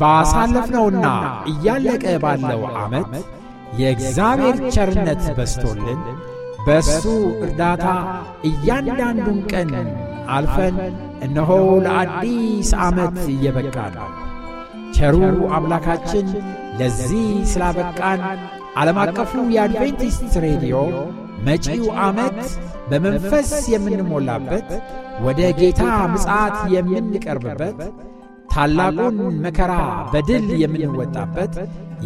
ባሳለፍነውና እያለቀ ባለው ዓመት የእግዚአብሔር ቸርነት በስቶልን በእሱ እርዳታ እያንዳንዱን ቀን አልፈን እነሆ ለአዲስ ዓመት እየበቃ ነው። ቸሩ አምላካችን ለዚህ ስላበቃን ዓለም አቀፉ የአድቬንቲስት ሬዲዮ መጪው ዓመት በመንፈስ የምንሞላበት ወደ ጌታ ምጽዓት የምንቀርብበት ታላቁን መከራ በድል የምንወጣበት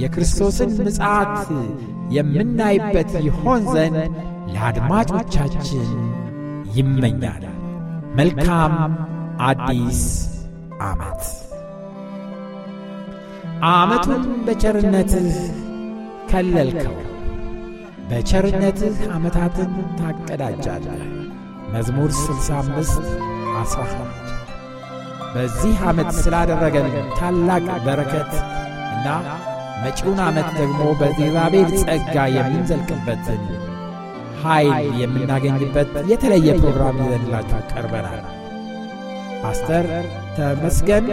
የክርስቶስን ምጽት የምናይበት ይሆን ዘንድ ለአድማጮቻችን ይመኛል። መልካም አዲስ ዓመት። ዓመቱን በቸርነትህ ከለልከው፣ በቸርነትህ ዓመታትን ታቀዳጃለህ። መዝሙር 65 11 በዚህ ዓመት ስላደረገን ታላቅ በረከት እና መጪውን ዓመት ደግሞ በእግዚአብሔር ጸጋ የምንዘልቅበትን ኃይል የምናገኝበት የተለየ ፕሮግራም ይዘንላችሁ ቀርበናል። ፓስተር ተመስገን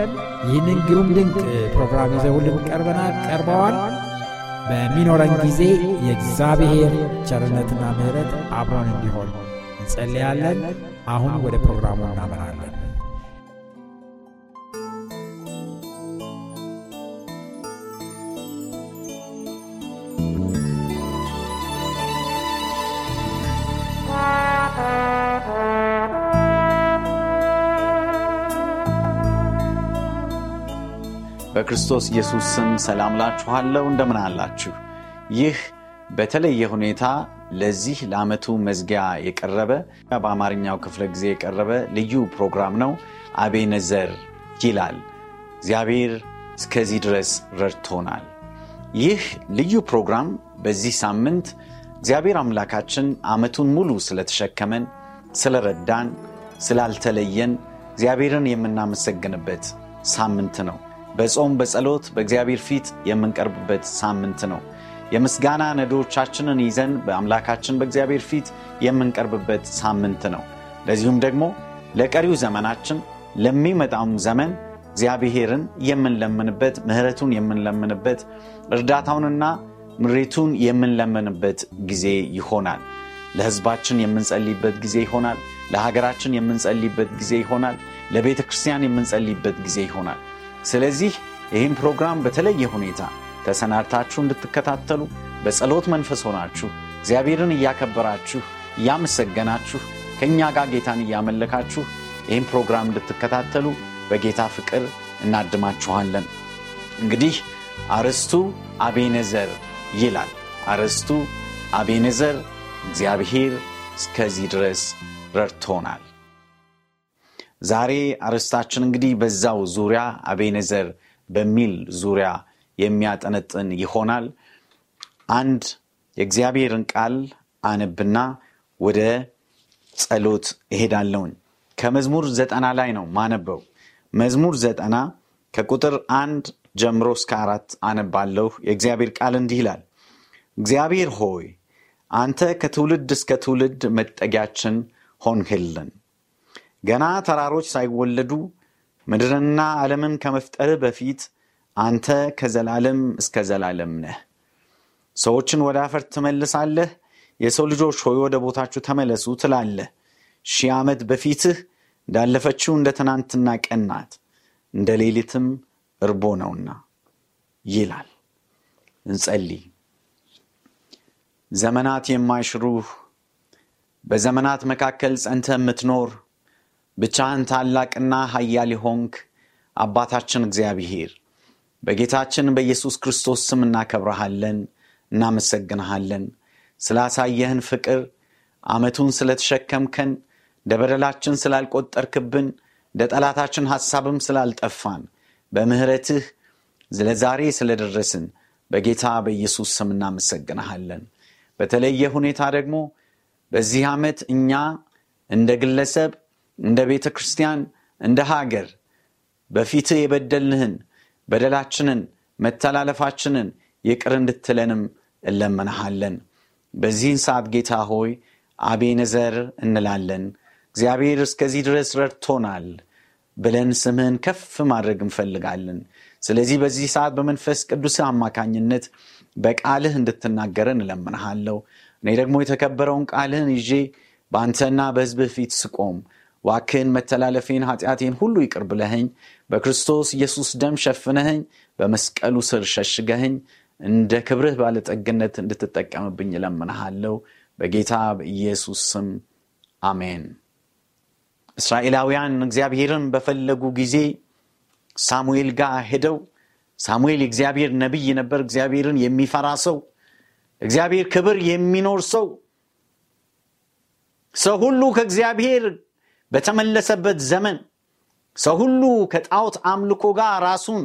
ይህንን ግሩም ድንቅ ፕሮግራም ይዘውልን ቀርበናል ቀርበዋል። በሚኖረን ጊዜ የእግዚአብሔር ቸርነትና ምሕረት አብሮን እንዲሆን እንጸልያለን። አሁን ወደ ፕሮግራሙ እናመራለን። በክርስቶስ ኢየሱስ ስም ሰላም ላችኋለው እንደምን አላችሁ? ይህ በተለየ ሁኔታ ለዚህ ለአመቱ መዝጊያ የቀረበ በአማርኛው ክፍለ ጊዜ የቀረበ ልዩ ፕሮግራም ነው። አቤነዘር ይላል። እግዚአብሔር እስከዚህ ድረስ ረድቶናል። ይህ ልዩ ፕሮግራም በዚህ ሳምንት እግዚአብሔር አምላካችን አመቱን ሙሉ ስለተሸከመን፣ ስለረዳን፣ ስላልተለየን እግዚአብሔርን የምናመሰግንበት ሳምንት ነው። በጾም በጸሎት በእግዚአብሔር ፊት የምንቀርብበት ሳምንት ነው። የምስጋና ነዶዎቻችንን ይዘን በአምላካችን በእግዚአብሔር ፊት የምንቀርብበት ሳምንት ነው። ለዚሁም ደግሞ ለቀሪው ዘመናችን ለሚመጣውም ዘመን እግዚአብሔርን የምንለምንበት፣ ምህረቱን የምንለምንበት፣ እርዳታውንና ምሬቱን የምንለምንበት ጊዜ ይሆናል። ለህዝባችን የምንጸልይበት ጊዜ ይሆናል። ለሀገራችን የምንጸልይበት ጊዜ ይሆናል። ለቤተ ክርስቲያን የምንጸልይበት ጊዜ ይሆናል። ስለዚህ ይህን ፕሮግራም በተለየ ሁኔታ ተሰናድታችሁ እንድትከታተሉ በጸሎት መንፈስ ሆናችሁ እግዚአብሔርን እያከበራችሁ እያመሰገናችሁ ከእኛ ጋር ጌታን እያመለካችሁ ይህም ፕሮግራም እንድትከታተሉ በጌታ ፍቅር እናድማችኋለን። እንግዲህ አርዕስቱ አቤነዘር ይላል። አርዕስቱ አቤነዘር፣ እግዚአብሔር እስከዚህ ድረስ ረድቶናል። ዛሬ አርዕስታችን እንግዲህ በዛው ዙሪያ አቤነዘር በሚል ዙሪያ የሚያጠነጥን ይሆናል። አንድ የእግዚአብሔርን ቃል አነብና ወደ ጸሎት እሄዳለሁኝ። ከመዝሙር ዘጠና ላይ ነው ማነበው። መዝሙር ዘጠና ከቁጥር አንድ ጀምሮ እስከ አራት አነባለሁ። የእግዚአብሔር ቃል እንዲህ ይላል። እግዚአብሔር ሆይ አንተ ከትውልድ እስከ ትውልድ መጠጊያችን ሆንህልን ገና ተራሮች ሳይወለዱ ምድርንና ዓለምን ከመፍጠር በፊት አንተ ከዘላለም እስከ ዘላለም ነህ። ሰዎችን ወደ አፈር ትመልሳለህ። የሰው ልጆች ሆይ ወደ ቦታችሁ ተመለሱ ትላለህ። ሺህ ዓመት በፊትህ እንዳለፈችው እንደ ትናንትና ቀናት እንደ ሌሊትም እርቦ ነውና ይላል። እንጸልይ። ዘመናት የማይሽሩህ በዘመናት መካከል ጸንተ የምትኖር ብቻህን ታላቅና ሀያል ሆንክ አባታችን እግዚአብሔር በጌታችን በኢየሱስ ክርስቶስ ስም እናከብረሃለን እናመሰግንሃለን ስላሳየህን ፍቅር አመቱን ስለተሸከምከን ደበደላችን ስላልቆጠርክብን ደጠላታችን ሐሳብም ስላልጠፋን በምህረትህ ለዛሬ ስለደረስን በጌታ በኢየሱስ ስም እናመሰግንሃለን በተለየ ሁኔታ ደግሞ በዚህ ዓመት እኛ እንደ ግለሰብ እንደ ቤተ ክርስቲያን እንደ ሀገር በፊት የበደልንህን በደላችንን መተላለፋችንን ይቅር እንድትለንም እለመናሃለን በዚህን ሰዓት ጌታ ሆይ አቤነዘር እንላለን። እግዚአብሔር እስከዚህ ድረስ ረድቶናል ብለን ስምህን ከፍ ማድረግ እንፈልጋለን። ስለዚህ በዚህ ሰዓት በመንፈስ ቅዱስ አማካኝነት በቃልህ እንድትናገረ እለምንሃለሁ። እኔ ደግሞ የተከበረውን ቃልህን ይዤ በአንተና በህዝብህ ፊት ስቆም ዋክን መተላለፌን ኃጢአቴን ሁሉ ይቅር ብለህኝ በክርስቶስ ኢየሱስ ደም ሸፍነህኝ በመስቀሉ ስር ሸሽገህኝ እንደ ክብርህ ባለጠግነት እንድትጠቀምብኝ እለምንሃለው በጌታ በኢየሱስ ስም አሜን እስራኤላውያን እግዚአብሔርን በፈለጉ ጊዜ ሳሙኤል ጋር ሄደው ሳሙኤል እግዚአብሔር ነቢይ ነበር እግዚአብሔርን የሚፈራ ሰው እግዚአብሔር ክብር የሚኖር ሰው ሰው ሁሉ ከእግዚአብሔር በተመለሰበት ዘመን ሰው ሁሉ ከጣዖት አምልኮ ጋር ራሱን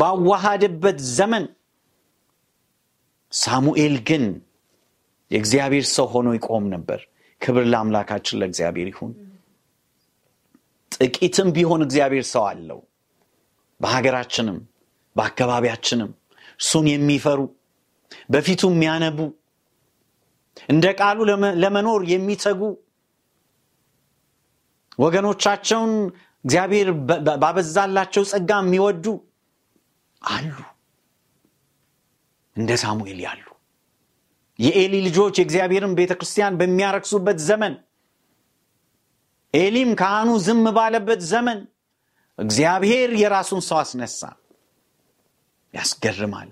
ባዋሃደበት ዘመን ሳሙኤል ግን የእግዚአብሔር ሰው ሆኖ ይቆም ነበር ክብር ለአምላካችን ለእግዚአብሔር ይሁን ጥቂትም ቢሆን እግዚአብሔር ሰው አለው በሀገራችንም በአካባቢያችንም እሱን የሚፈሩ በፊቱ የሚያነቡ እንደ ቃሉ ለመኖር የሚተጉ ወገኖቻቸውን እግዚአብሔር ባበዛላቸው ጸጋ የሚወዱ አሉ እንደ ሳሙኤል ያሉ የኤሊ ልጆች የእግዚአብሔርን ቤተ ክርስቲያን በሚያረክሱበት ዘመን ኤሊም ካህኑ ዝም ባለበት ዘመን እግዚአብሔር የራሱን ሰው አስነሳ ያስገርማል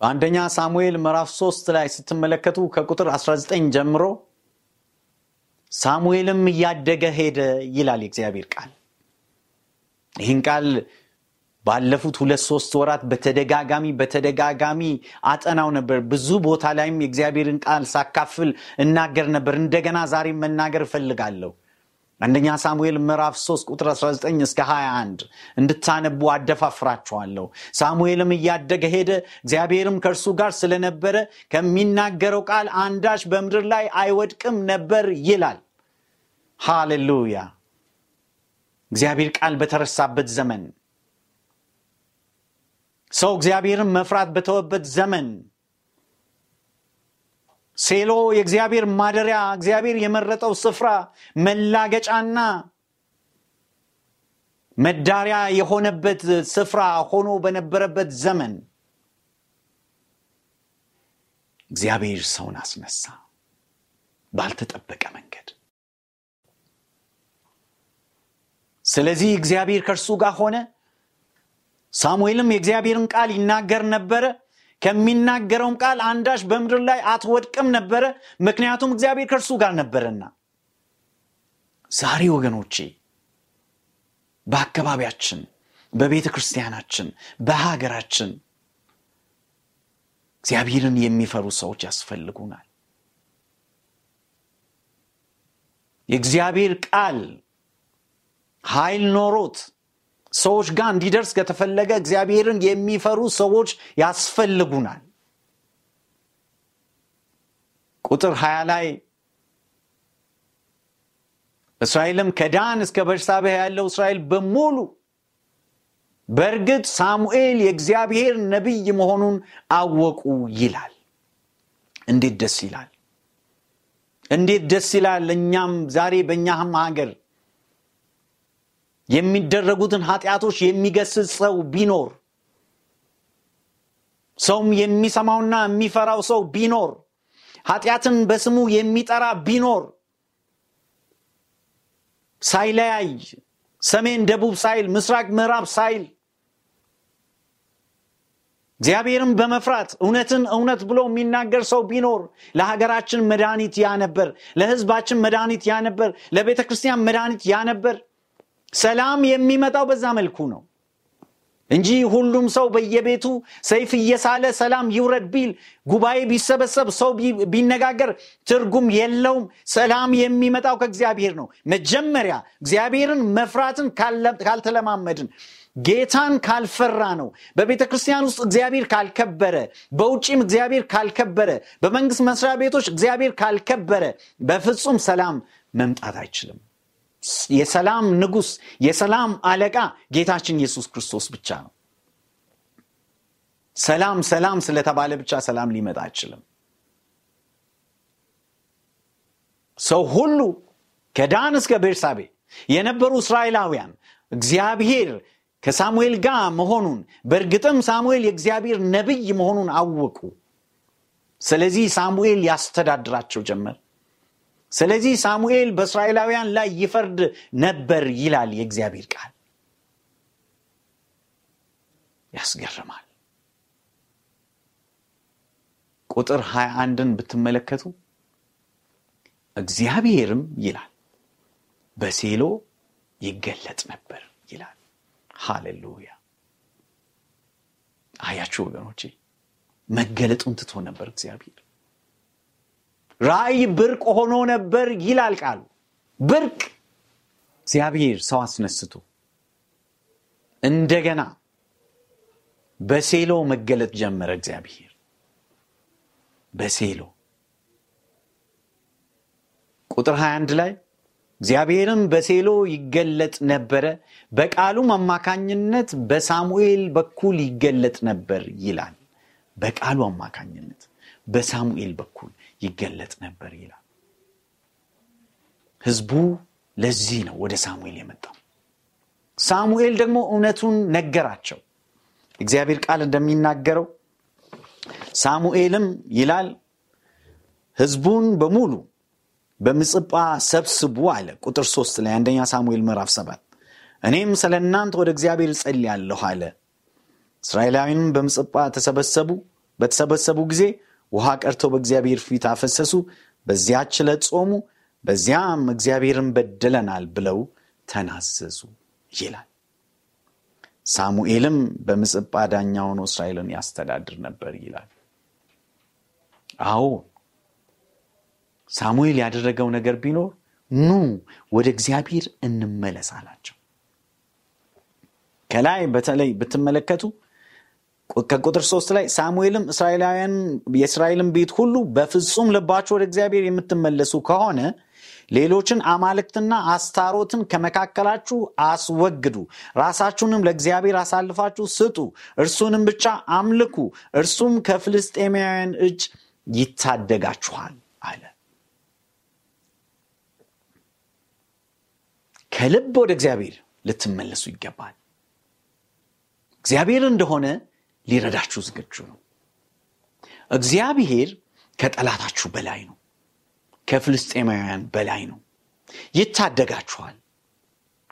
በአንደኛ ሳሙኤል ምዕራፍ 3 ላይ ስትመለከቱ ከቁጥር 19 ጀምሮ ሳሙኤልም እያደገ ሄደ ይላል የእግዚአብሔር ቃል። ይህን ቃል ባለፉት ሁለት ሶስት ወራት በተደጋጋሚ በተደጋጋሚ አጠናው ነበር። ብዙ ቦታ ላይም የእግዚአብሔርን ቃል ሳካፍል እናገር ነበር። እንደገና ዛሬም መናገር እፈልጋለሁ። አንደኛ ሳሙኤል ምዕራፍ 3 ቁጥር 19 እስከ 21 እንድታነቡ አደፋፍራችኋለሁ። ሳሙኤልም እያደገ ሄደ፣ እግዚአብሔርም ከእርሱ ጋር ስለነበረ ከሚናገረው ቃል አንዳች በምድር ላይ አይወድቅም ነበር ይላል። ሃሌሉያ! እግዚአብሔር ቃል በተረሳበት ዘመን፣ ሰው እግዚአብሔርን መፍራት በተወበት ዘመን ሴሎ የእግዚአብሔር ማደሪያ፣ እግዚአብሔር የመረጠው ስፍራ መላገጫና መዳሪያ የሆነበት ስፍራ ሆኖ በነበረበት ዘመን እግዚአብሔር ሰውን አስነሳ ባልተጠበቀ መንገድ። ስለዚህ እግዚአብሔር ከእርሱ ጋር ሆነ። ሳሙኤልም የእግዚአብሔርን ቃል ይናገር ነበረ። ከሚናገረውም ቃል አንዳሽ በምድር ላይ አትወድቅም ነበረ፣ ምክንያቱም እግዚአብሔር ከእርሱ ጋር ነበረና። ዛሬ ወገኖቼ በአካባቢያችን፣ በቤተ ክርስቲያናችን፣ በሀገራችን እግዚአብሔርን የሚፈሩ ሰዎች ያስፈልጉናል። የእግዚአብሔር ቃል ኃይል ኖሮት ሰዎች ጋር እንዲደርስ ከተፈለገ እግዚአብሔርን የሚፈሩ ሰዎች ያስፈልጉናል። ቁጥር ሀያ ላይ እስራኤልም ከዳን እስከ ቤርሳቤህ ያለው እስራኤል በሙሉ በእርግጥ ሳሙኤል የእግዚአብሔር ነቢይ መሆኑን አወቁ ይላል። እንዴት ደስ ይላል! እንዴት ደስ ይላል! እኛም ዛሬ በእኛህም ሀገር የሚደረጉትን ኃጢአቶች የሚገስጽ ሰው ቢኖር ሰውም የሚሰማውና የሚፈራው ሰው ቢኖር ኃጢአትን በስሙ የሚጠራ ቢኖር ሳይለያይ ሰሜን ደቡብ ሳይል ምስራቅ ምዕራብ ሳይል እግዚአብሔርን በመፍራት እውነትን እውነት ብሎ የሚናገር ሰው ቢኖር ለሀገራችን መድኃኒት ያነበር ለህዝባችን መድኃኒት ያነበር ለቤተክርስቲያን ለቤተ ክርስቲያን መድኃኒት ያነበር ሰላም የሚመጣው በዛ መልኩ ነው እንጂ ሁሉም ሰው በየቤቱ ሰይፍ እየሳለ ሰላም ይውረድ ቢል ጉባኤ ቢሰበሰብ ሰው ቢነጋገር ትርጉም የለውም ሰላም የሚመጣው ከእግዚአብሔር ነው መጀመሪያ እግዚአብሔርን መፍራትን ካልተለማመድን ጌታን ካልፈራ ነው በቤተ ክርስቲያን ውስጥ እግዚአብሔር ካልከበረ በውጭም እግዚአብሔር ካልከበረ በመንግስት መስሪያ ቤቶች እግዚአብሔር ካልከበረ በፍጹም ሰላም መምጣት አይችልም የሰላም ንጉስ የሰላም አለቃ ጌታችን ኢየሱስ ክርስቶስ ብቻ ነው ሰላም ሰላም ስለተባለ ብቻ ሰላም ሊመጣ አይችልም ሰው ሁሉ ከዳን እስከ ቤርሳቤ የነበሩ እስራኤላውያን እግዚአብሔር ከሳሙኤል ጋር መሆኑን በእርግጥም ሳሙኤል የእግዚአብሔር ነቢይ መሆኑን አወቁ ስለዚህ ሳሙኤል ያስተዳድራቸው ጀመር ስለዚህ ሳሙኤል በእስራኤላውያን ላይ ይፈርድ ነበር ይላል የእግዚአብሔር ቃል ያስገርማል ቁጥር 21ን ብትመለከቱ እግዚአብሔርም ይላል በሴሎ ይገለጥ ነበር ይላል ሃሌሉያ አያችሁ ወገኖቼ መገለጡን ትቶ ነበር እግዚአብሔር ራእይ ብርቅ ሆኖ ነበር ይላል ቃሉ። ብርቅ እግዚአብሔር ሰው አስነስቶ እንደገና በሴሎ መገለጥ ጀመረ። እግዚአብሔር በሴሎ ቁጥር 21 ላይ እግዚአብሔርም በሴሎ ይገለጥ ነበረ፣ በቃሉም አማካኝነት በሳሙኤል በኩል ይገለጥ ነበር ይላል። በቃሉ አማካኝነት በሳሙኤል በኩል ይገለጥ ነበር ይላል። ህዝቡ ለዚህ ነው ወደ ሳሙኤል የመጣው። ሳሙኤል ደግሞ እውነቱን ነገራቸው። እግዚአብሔር ቃል እንደሚናገረው ሳሙኤልም ይላል ህዝቡን በሙሉ በምጽጳ ሰብስቡ አለ። ቁጥር ሶስት ላይ አንደኛ ሳሙኤል ምዕራፍ ሰባት እኔም ስለ እናንተ ወደ እግዚአብሔር ጸልያለሁ አለ። እስራኤላዊንም በምጽጳ ተሰበሰቡ። በተሰበሰቡ ጊዜ ውሃ ቀርተው በእግዚአብሔር ፊት አፈሰሱ፣ በዚያች ዕለት ጾሙ፣ በዚያም እግዚአብሔርን በደለናል ብለው ተናዘዙ ይላል። ሳሙኤልም በምጽጳ ዳኛ ሆኖ እስራኤልን ያስተዳድር ነበር ይላል። አዎ ሳሙኤል ያደረገው ነገር ቢኖር ኑ ወደ እግዚአብሔር እንመለስ አላቸው። ከላይ በተለይ ብትመለከቱ ከቁጥር ሶስት ላይ ሳሙኤልም እስራኤላውያን የእስራኤልን ቤት ሁሉ በፍጹም ልባችሁ ወደ እግዚአብሔር የምትመለሱ ከሆነ ሌሎችን አማልክትና አስታሮትን ከመካከላችሁ አስወግዱ፣ ራሳችሁንም ለእግዚአብሔር አሳልፋችሁ ስጡ፣ እርሱንም ብቻ አምልኩ፣ እርሱም ከፍልስጤማውያን እጅ ይታደጋችኋል አለ። ከልብ ወደ እግዚአብሔር ልትመለሱ ይገባል። እግዚአብሔር እንደሆነ ሊረዳችሁ ዝግጁ ነው። እግዚአብሔር ከጠላታችሁ በላይ ነው። ከፍልስጤማውያን በላይ ነው። ይታደጋችኋል፣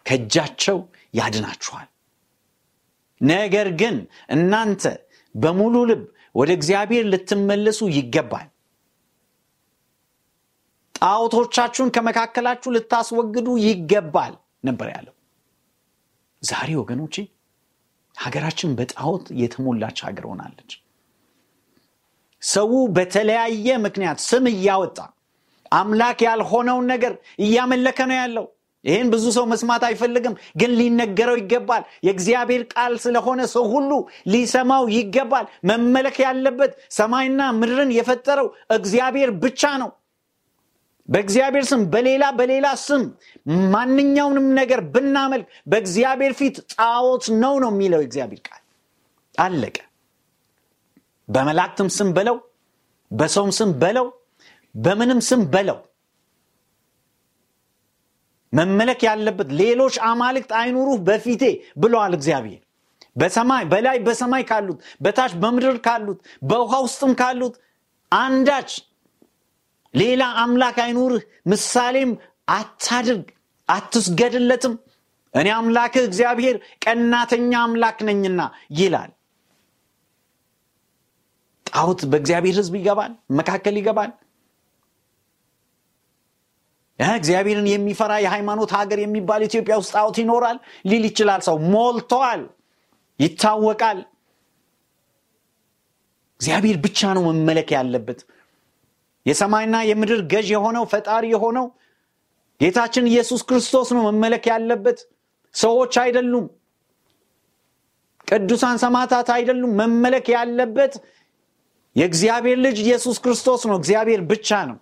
ከእጃቸው ያድናችኋል። ነገር ግን እናንተ በሙሉ ልብ ወደ እግዚአብሔር ልትመለሱ ይገባል። ጣዖቶቻችሁን ከመካከላችሁ ልታስወግዱ ይገባል ነበር ያለው። ዛሬ ወገኖቼ ሀገራችን በጣዖት የተሞላች ሀገር ሆናለች። ሰው በተለያየ ምክንያት ስም እያወጣ አምላክ ያልሆነውን ነገር እያመለከ ነው ያለው። ይህን ብዙ ሰው መስማት አይፈልግም፣ ግን ሊነገረው ይገባል። የእግዚአብሔር ቃል ስለሆነ ሰው ሁሉ ሊሰማው ይገባል። መመለክ ያለበት ሰማይና ምድርን የፈጠረው እግዚአብሔር ብቻ ነው። በእግዚአብሔር ስም በሌላ በሌላ ስም ማንኛውንም ነገር ብናመልክ በእግዚአብሔር ፊት ጣዖት ነው ነው የሚለው እግዚአብሔር ቃል አለቀ በመላእክትም ስም በለው በሰውም ስም በለው በምንም ስም በለው መመለክ ያለበት ሌሎች አማልክት አይኑሩህ በፊቴ ብለዋል እግዚአብሔር በሰማይ በላይ በሰማይ ካሉት በታች በምድር ካሉት በውሃ ውስጥም ካሉት አንዳች ሌላ አምላክ አይኑርህ ምሳሌም አታድርግ አትስገድለትም እኔ አምላክህ እግዚአብሔር ቀናተኛ አምላክ ነኝና ይላል ጣዖት በእግዚአብሔር ህዝብ ይገባል መካከል ይገባል እግዚአብሔርን የሚፈራ የሃይማኖት ሀገር የሚባል ኢትዮጵያ ውስጥ ጣዖት ይኖራል ሊል ይችላል ሰው ሞልተዋል ይታወቃል እግዚአብሔር ብቻ ነው መመለክ ያለበት የሰማይና የምድር ገዥ የሆነው ፈጣሪ የሆነው ጌታችን ኢየሱስ ክርስቶስ ነው መመለክ ያለበት ሰዎች አይደሉም ቅዱሳን ሰማዕታት አይደሉም መመለክ ያለበት የእግዚአብሔር ልጅ ኢየሱስ ክርስቶስ ነው እግዚአብሔር ብቻ ነው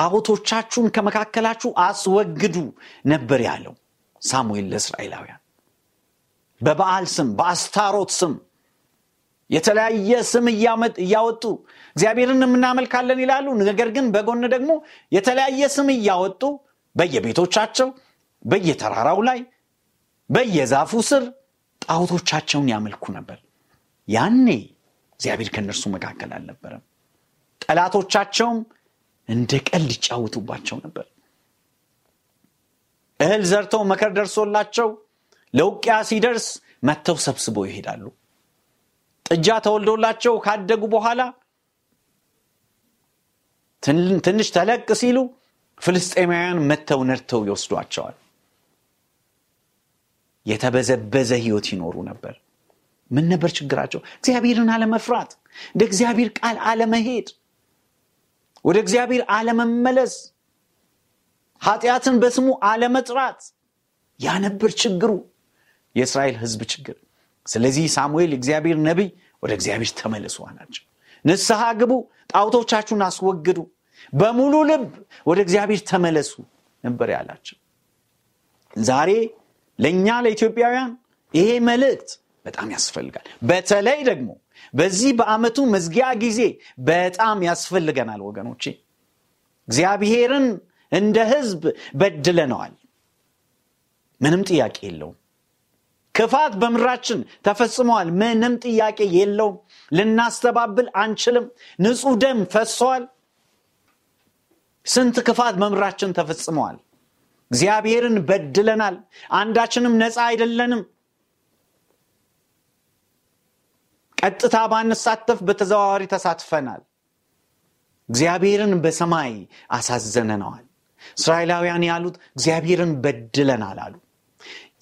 ጣዖቶቻችሁን ከመካከላችሁ አስወግዱ ነበር ያለው ሳሙኤል ለእስራኤላውያን በበዓል ስም በአስታሮት ስም የተለያየ ስም እያወጡ እግዚአብሔርን የምናመልካለን ይላሉ። ነገር ግን በጎን ደግሞ የተለያየ ስም እያወጡ በየቤቶቻቸው፣ በየተራራው ላይ፣ በየዛፉ ስር ጣዖቶቻቸውን ያመልኩ ነበር። ያኔ እግዚአብሔር ከእነርሱ መካከል አልነበረም። ጠላቶቻቸውም እንደ ቀል ሊጫወቱባቸው ነበር። እህል ዘርተው መከር ደርሶላቸው ለውቅያ ሲደርስ መጥተው ሰብስበው ይሄዳሉ። ጥጃ ተወልዶላቸው ካደጉ በኋላ ትንሽ ተለቅ ሲሉ ፍልስጤማውያን መጥተው ነድተው ይወስዷቸዋል። የተበዘበዘ ህይወት ይኖሩ ነበር። ምን ነበር ችግራቸው? እግዚአብሔርን አለመፍራት፣ እንደ እግዚአብሔር ቃል አለመሄድ፣ ወደ እግዚአብሔር አለመመለስ፣ ኃጢአትን በስሙ አለመጥራት። ያነብር ችግሩ፣ የእስራኤል ህዝብ ችግር። ስለዚህ ሳሙኤል እግዚአብሔር ነቢይ ወደ እግዚአብሔር ተመልሱ አላቸው ንስሐ ግቡ ጣውቶቻችሁን አስወግዱ በሙሉ ልብ ወደ እግዚአብሔር ተመለሱ ነበር ያላቸው ዛሬ ለእኛ ለኢትዮጵያውያን ይሄ መልእክት በጣም ያስፈልጋል በተለይ ደግሞ በዚህ በአመቱ መዝጊያ ጊዜ በጣም ያስፈልገናል ወገኖቼ እግዚአብሔርን እንደ ህዝብ በድለነዋል ምንም ጥያቄ የለውም ክፋት በምድራችን ተፈጽመዋል። ምንም ጥያቄ የለውም። ልናስተባብል አንችልም። ንጹሕ ደም ፈሰዋል። ስንት ክፋት በምድራችን ተፈጽመዋል። እግዚአብሔርን በድለናል። አንዳችንም ነፃ አይደለንም። ቀጥታ ባንሳተፍ በተዘዋዋሪ ተሳትፈናል። እግዚአብሔርን በሰማይ አሳዘነነዋል። እስራኤላውያን ያሉት እግዚአብሔርን በድለናል አሉ።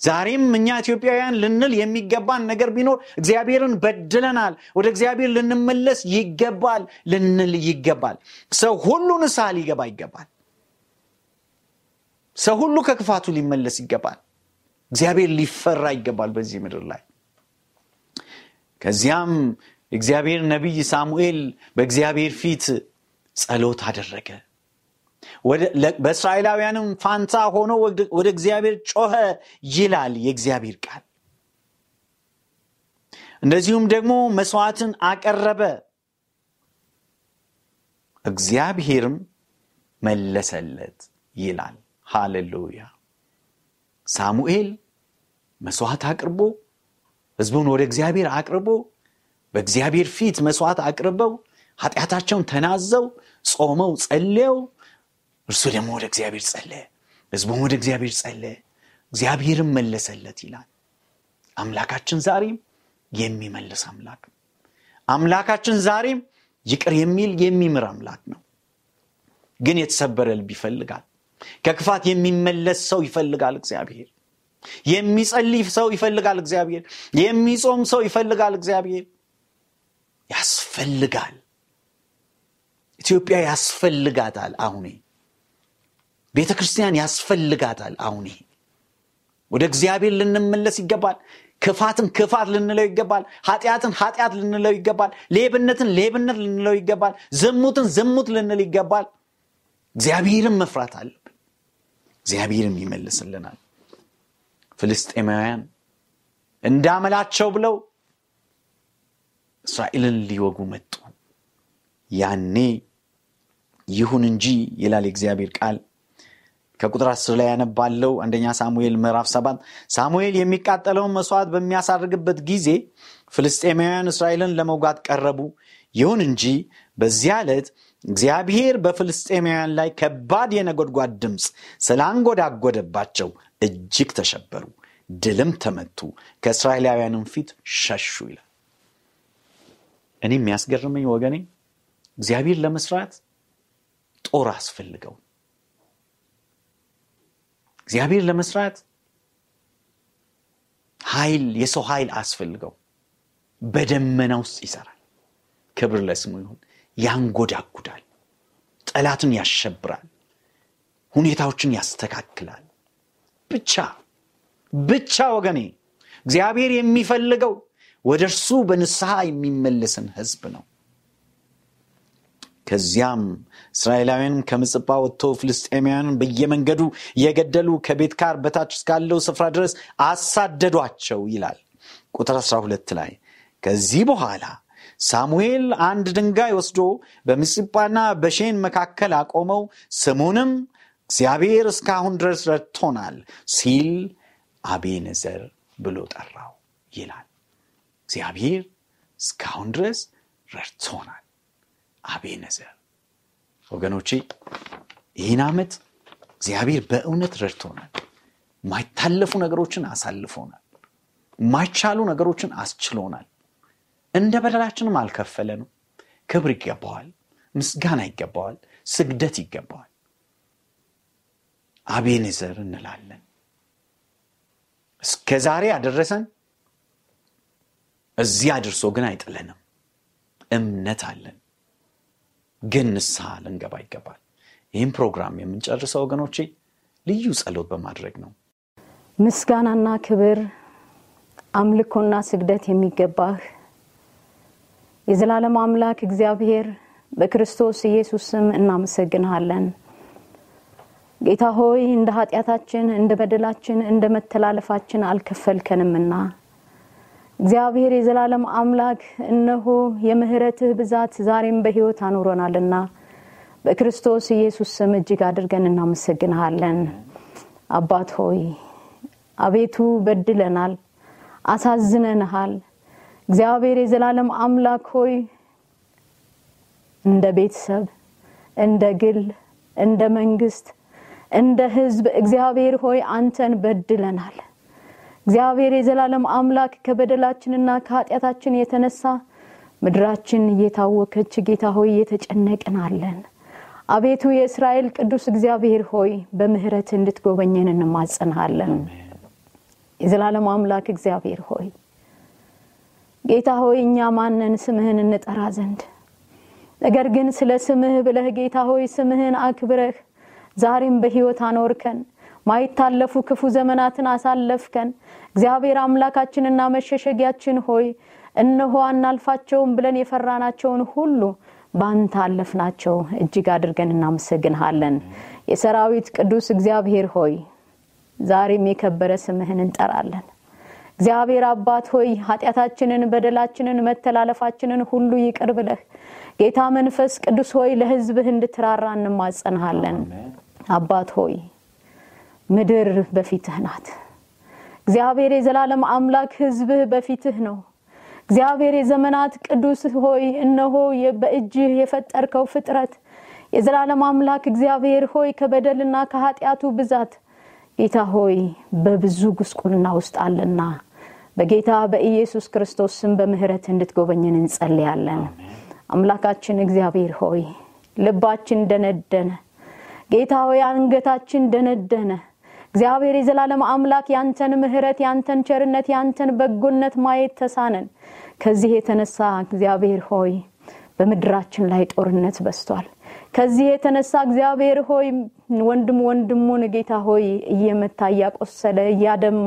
ዛሬም እኛ ኢትዮጵያውያን ልንል የሚገባን ነገር ቢኖር እግዚአብሔርን በድለናል፣ ወደ እግዚአብሔር ልንመለስ ይገባል ልንል ይገባል። ሰው ሁሉ ንስሐ ሊገባ ይገባል። ሰው ሁሉ ከክፋቱ ሊመለስ ይገባል። እግዚአብሔር ሊፈራ ይገባል በዚህ ምድር ላይ። ከዚያም እግዚአብሔር ነቢይ ሳሙኤል በእግዚአብሔር ፊት ጸሎት አደረገ። በእስራኤላውያንም ፋንታ ሆኖ ወደ እግዚአብሔር ጮኸ ይላል የእግዚአብሔር ቃል። እንደዚሁም ደግሞ መስዋዕትን አቀረበ፣ እግዚአብሔርም መለሰለት ይላል። ሃሌሉያ። ሳሙኤል መስዋዕት አቅርቦ ህዝቡን ወደ እግዚአብሔር አቅርቦ በእግዚአብሔር ፊት መስዋዕት አቅርበው ኃጢአታቸውን ተናዘው ጾመው ጸልየው እርሱ ደግሞ ወደ እግዚአብሔር ጸለየ ህዝቡም ወደ እግዚአብሔር ጸለየ እግዚአብሔርም መለሰለት ይላል አምላካችን ዛሬም የሚመልስ አምላክ ነው አምላካችን ዛሬም ይቅር የሚል የሚምር አምላክ ነው ግን የተሰበረ ልብ ይፈልጋል ከክፋት የሚመለስ ሰው ይፈልጋል እግዚአብሔር የሚጸልይ ሰው ይፈልጋል እግዚአብሔር የሚጾም ሰው ይፈልጋል እግዚአብሔር ያስፈልጋል ኢትዮጵያ ያስፈልጋታል አሁኔ ቤተ ክርስቲያን ያስፈልጋታል። አሁን ይሄ ወደ እግዚአብሔር ልንመለስ ይገባል። ክፋትን ክፋት ልንለው ይገባል። ኃጢአትን ኃጢአት ልንለው ይገባል። ሌብነትን ሌብነት ልንለው ይገባል። ዝሙትን ዝሙት ልንል ይገባል። እግዚአብሔርን መፍራት አለብን። እግዚአብሔርም ይመልስልናል። ፍልስጤማውያን እንዳመላቸው ብለው እስራኤልን ሊወጉ መጡ። ያኔ ይሁን እንጂ ይላል እግዚአብሔር ቃል ከቁጥር አስር ላይ ያነባለው አንደኛ ሳሙኤል ምዕራፍ ሰባት ሳሙኤል የሚቃጠለውን መስዋዕት በሚያሳርግበት ጊዜ ፍልስጤማውያን እስራኤልን ለመውጋት ቀረቡ። ይሁን እንጂ በዚያ ዕለት እግዚአብሔር በፍልስጤማውያን ላይ ከባድ የነጎድጓድ ድምፅ ስላንጎዳጎደባቸው እጅግ ተሸበሩ፣ ድልም ተመቱ፣ ከእስራኤላውያንም ፊት ሸሹ ይላል። እኔ የሚያስገርመኝ ወገኔ እግዚአብሔር ለመስራት ጦር አስፈልገው እግዚአብሔር ለመስራት ኃይል የሰው ኃይል አስፈልገው በደመና ውስጥ ይሰራል ክብር ለስሙ ይሁን ያንጎዳጉዳል ጠላትን ያሸብራል ሁኔታዎችን ያስተካክላል ብቻ ብቻ ወገኔ እግዚአብሔር የሚፈልገው ወደ እርሱ በንስሐ የሚመልስን ህዝብ ነው ከዚያም እስራኤላውያን ከምጽጳ ወጥቶ ፍልስጤማውያንን በየመንገዱ የገደሉ ከቤት ካር በታች እስካለው ስፍራ ድረስ አሳደዷቸው ይላል ቁጥር 12 ላይ ከዚህ በኋላ ሳሙኤል አንድ ድንጋይ ወስዶ በምጽጳና በሼን መካከል አቆመው ስሙንም እግዚአብሔር እስካሁን ድረስ ረድቶናል ሲል አቤነዘር ብሎ ጠራው ይላል እግዚአብሔር እስካሁን ድረስ ረድቶናል አቤነዘር። ወገኖቼ ይህን ዓመት እግዚአብሔር በእውነት ረድቶናል። የማይታለፉ ነገሮችን አሳልፎናል። የማይቻሉ ነገሮችን አስችሎናል። እንደ በደላችንም አልከፈለንም። ክብር ይገባዋል፣ ምስጋና ይገባዋል፣ ስግደት ይገባዋል። አቤኔዘር እንላለን። እስከ ዛሬ አደረሰን፣ እዚህ አድርሶ ግን አይጥለንም። እምነት አለን። ግን ንስሐ ልንገባ ይገባል። ይህም ፕሮግራም የምንጨርሰው ወገኖቼ ልዩ ጸሎት በማድረግ ነው። ምስጋናና ክብር፣ አምልኮና ስግደት የሚገባህ የዘላለም አምላክ እግዚአብሔር በክርስቶስ ኢየሱስ ስም እናመሰግንሃለን። ጌታ ሆይ እንደ ኃጢአታችን፣ እንደ በደላችን፣ እንደ መተላለፋችን አልከፈልከንምና እግዚአብሔር የዘላለም አምላክ እነሆ የምህረትህ ብዛት ዛሬም በሕይወት አኑረናልና በክርስቶስ ኢየሱስ ስም እጅግ አድርገን እናመሰግንሃለን። አባት ሆይ አቤቱ በድለናል፣ አሳዝነንሃል። እግዚአብሔር የዘላለም አምላክ ሆይ እንደ ቤተሰብ፣ እንደ ግል፣ እንደ መንግስት፣ እንደ ህዝብ እግዚአብሔር ሆይ አንተን በድለናል። እግዚአብሔር የዘላለም አምላክ ከበደላችንና ከኃጢአታችን የተነሳ ምድራችን እየታወከች ጌታ ሆይ እየተጨነቅን አለን። አቤቱ የእስራኤል ቅዱስ እግዚአብሔር ሆይ በምህረት እንድትጎበኘን እንማጸናለን። የዘላለም አምላክ እግዚአብሔር ሆይ ጌታ ሆይ እኛ ማንን ስምህን እንጠራ ዘንድ ነገር ግን ስለ ስምህ ብለህ ጌታ ሆይ ስምህን አክብረህ ዛሬም በሕይወት አኖርከን። ማይታለፉ ክፉ ዘመናትን አሳለፍከን። እግዚአብሔር አምላካችንና መሸሸጊያችን ሆይ እነሆ አናልፋቸውም ብለን የፈራናቸውን ሁሉ ባንተ አለፍናቸው። እጅግ አድርገን እናመሰግንሃለን። የሰራዊት ቅዱስ እግዚአብሔር ሆይ ዛሬም የከበረ ስምህን እንጠራለን። እግዚአብሔር አባት ሆይ ኃጢአታችንን፣ በደላችንን፣ መተላለፋችንን ሁሉ ይቅር ብለህ ጌታ መንፈስ ቅዱስ ሆይ ለሕዝብህ እንድትራራ እንማጸንሃለን። አባት ሆይ ምድር በፊትህ ናት። እግዚአብሔር የዘላለም አምላክ ሕዝብህ በፊትህ ነው። እግዚአብሔር የዘመናት ቅዱስ ሆይ እነሆ በእጅህ የፈጠርከው ፍጥረት የዘላለም አምላክ እግዚአብሔር ሆይ ከበደልና ከኃጢአቱ ብዛት ጌታ ሆይ በብዙ ጉስቁልና ውስጥ አለና በጌታ በኢየሱስ ክርስቶስ ስም በምህረት እንድትጎበኝን እንጸልያለን። አምላካችን እግዚአብሔር ሆይ ልባችን ደነደነ። ጌታ ሆይ አንገታችን ደነደነ። እግዚአብሔር የዘላለም አምላክ ያንተን ምህረት ያንተን ቸርነት፣ ያንተን በጎነት ማየት ተሳነን። ከዚህ የተነሳ እግዚአብሔር ሆይ በምድራችን ላይ ጦርነት በስቷል። ከዚህ የተነሳ እግዚአብሔር ሆይ ወንድም ወንድሙን ጌታ ሆይ እየመታ እያቆሰለ እያደማ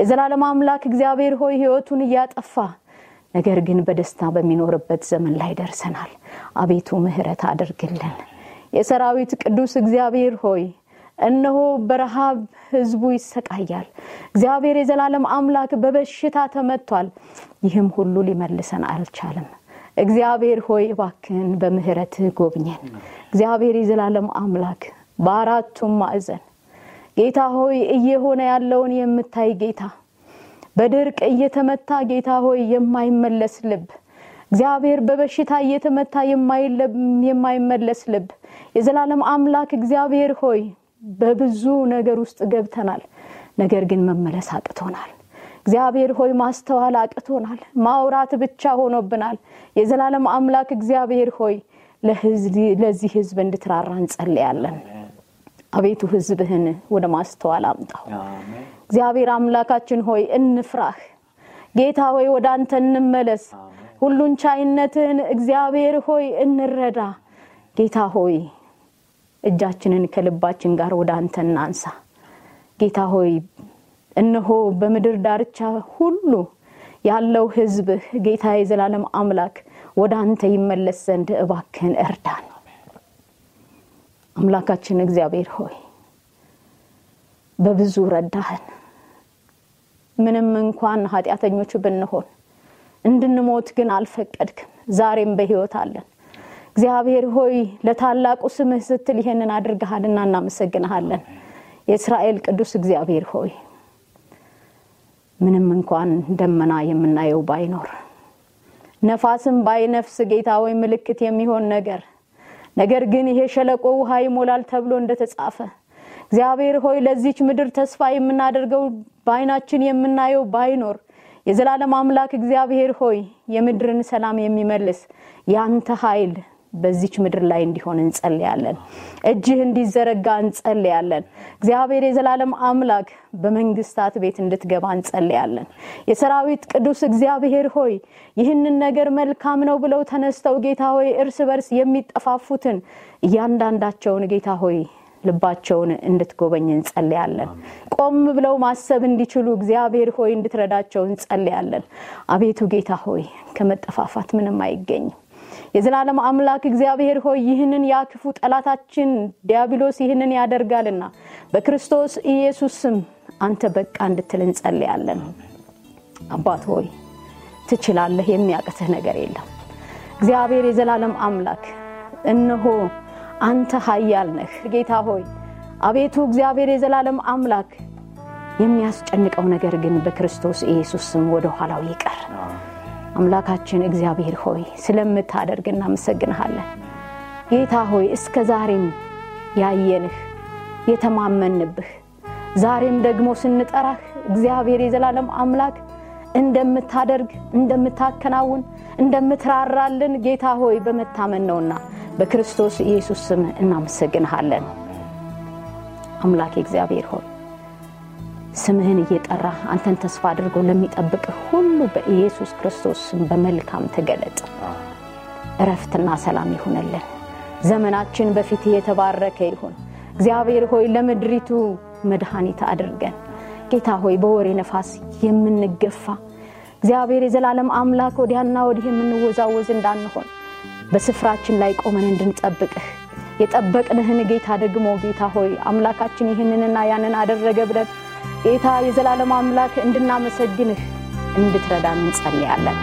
የዘላለም አምላክ እግዚአብሔር ሆይ ህይወቱን እያጠፋ ነገር ግን በደስታ በሚኖርበት ዘመን ላይ ደርሰናል። አቤቱ ምህረት አድርግልን። የሰራዊት ቅዱስ እግዚአብሔር ሆይ እነሆ በረሃብ ህዝቡ ይሰቃያል። እግዚአብሔር የዘላለም አምላክ በበሽታ ተመቷል። ይህም ሁሉ ሊመልሰን አልቻለም። እግዚአብሔር ሆይ እባክህን በምህረትህ ጎብኘን። እግዚአብሔር የዘላለም አምላክ በአራቱም ማዕዘን ጌታ ሆይ እየሆነ ያለውን የምታይ ጌታ፣ በድርቅ እየተመታ ጌታ ሆይ የማይመለስ ልብ እግዚአብሔር በበሽታ እየተመታ የማይመለስ ልብ የዘላለም አምላክ እግዚአብሔር ሆይ በብዙ ነገር ውስጥ ገብተናል። ነገር ግን መመለስ አቅቶናል። እግዚአብሔር ሆይ ማስተዋል አቅቶናል። ማውራት ብቻ ሆኖብናል። የዘላለም አምላክ እግዚአብሔር ሆይ ለዚህ ሕዝብ እንድትራራ እንጸልያለን። አቤቱ ሕዝብህን ወደ ማስተዋል አምጣው። እግዚአብሔር አምላካችን ሆይ እንፍራህ። ጌታ ሆይ ወደ አንተ እንመለስ። ሁሉን ቻይነትህን እግዚአብሔር ሆይ እንረዳ። ጌታ ሆይ እጃችንን ከልባችን ጋር ወደ አንተ እናንሳ። ጌታ ሆይ እነሆ በምድር ዳርቻ ሁሉ ያለው ሕዝብህ ጌታ የዘላለም አምላክ ወደ አንተ ይመለስ ዘንድ እባክህን እርዳን። አምላካችን እግዚአብሔር ሆይ በብዙ ረዳህን። ምንም እንኳን ኃጢአተኞች ብንሆን እንድንሞት ግን አልፈቀድክም። ዛሬም በሕይወት አለን። እግዚአብሔር ሆይ ለታላቁ ስምህ ስትል ይሄንን አድርገሃልና እናመሰግንሃለን። የእስራኤል ቅዱስ እግዚአብሔር ሆይ ምንም እንኳን ደመና የምናየው ባይኖር ነፋስም ባይነፍስ ጌታ ወይ ምልክት የሚሆን ነገር ነገር ግን ይሄ ሸለቆ ውሃ ይሞላል ተብሎ እንደተጻፈ እግዚአብሔር ሆይ ለዚች ምድር ተስፋ የምናደርገው በአይናችን የምናየው ባይኖር የዘላለም አምላክ እግዚአብሔር ሆይ የምድርን ሰላም የሚመልስ የአንተ ኃይል በዚች ምድር ላይ እንዲሆን እንጸልያለን። እጅህ እንዲዘረጋ እንጸልያለን። እግዚአብሔር የዘላለም አምላክ በመንግስታት ቤት እንድትገባ እንጸልያለን። የሰራዊት ቅዱስ እግዚአብሔር ሆይ ይህንን ነገር መልካም ነው ብለው ተነስተው ጌታ ሆይ እርስ በርስ የሚጠፋፉትን እያንዳንዳቸውን ጌታ ሆይ ልባቸውን እንድትጎበኝ እንጸልያለን። ቆም ብለው ማሰብ እንዲችሉ እግዚአብሔር ሆይ እንድትረዳቸው እንጸልያለን። አቤቱ ጌታ ሆይ ከመጠፋፋት ምንም አይገኝም። የዘላለም አምላክ እግዚአብሔር ሆይ ይህንን ያክፉ ጠላታችን ዲያብሎስ ይህንን ያደርጋልና በክርስቶስ ኢየሱስ ስም አንተ በቃ እንድትል እንጸልያለን። አባት ሆይ ትችላለህ፣ የሚያቅትህ ነገር የለም። እግዚአብሔር የዘላለም አምላክ እነሆ አንተ ኃያል ነህ። ጌታ ሆይ አቤቱ እግዚአብሔር የዘላለም አምላክ የሚያስጨንቀው ነገር ግን በክርስቶስ ኢየሱስ ስም ወደ ኋላው ይቀር። አምላካችን እግዚአብሔር ሆይ ስለምታደርግ እናመሰግንሃለን። ጌታ ሆይ እስከ ዛሬም ያየንህ የተማመንብህ፣ ዛሬም ደግሞ ስንጠራህ እግዚአብሔር የዘላለም አምላክ እንደምታደርግ እንደምታከናውን፣ እንደምትራራልን ጌታ ሆይ በመታመን ነውና በክርስቶስ ኢየሱስ ስም እናመሰግንሃለን። አምላክ እግዚአብሔር ሆይ ስምህን እየጠራ አንተን ተስፋ አድርጎ ለሚጠብቅ ሁሉ በኢየሱስ ክርስቶስ ስም በመልካም ተገለጥ። እረፍትና ሰላም ይሁንልን። ዘመናችን በፊት የተባረከ ይሁን። እግዚአብሔር ሆይ ለምድሪቱ መድኃኒት አድርገን። ጌታ ሆይ በወሬ ነፋስ የምንገፋ እግዚአብሔር የዘላለም አምላክ ወዲያና ወዲህ የምንወዛወዝ እንዳንሆን በስፍራችን ላይ ቆመን እንድንጠብቅህ የጠበቅንህን ጌታ ደግሞ ጌታ ሆይ አምላካችን ይህንንና ያንን አደረገ ብለን ጌታ የዘላለም አምላክ እንድናመሰግንህ እንድትረዳን እንጸልያለን።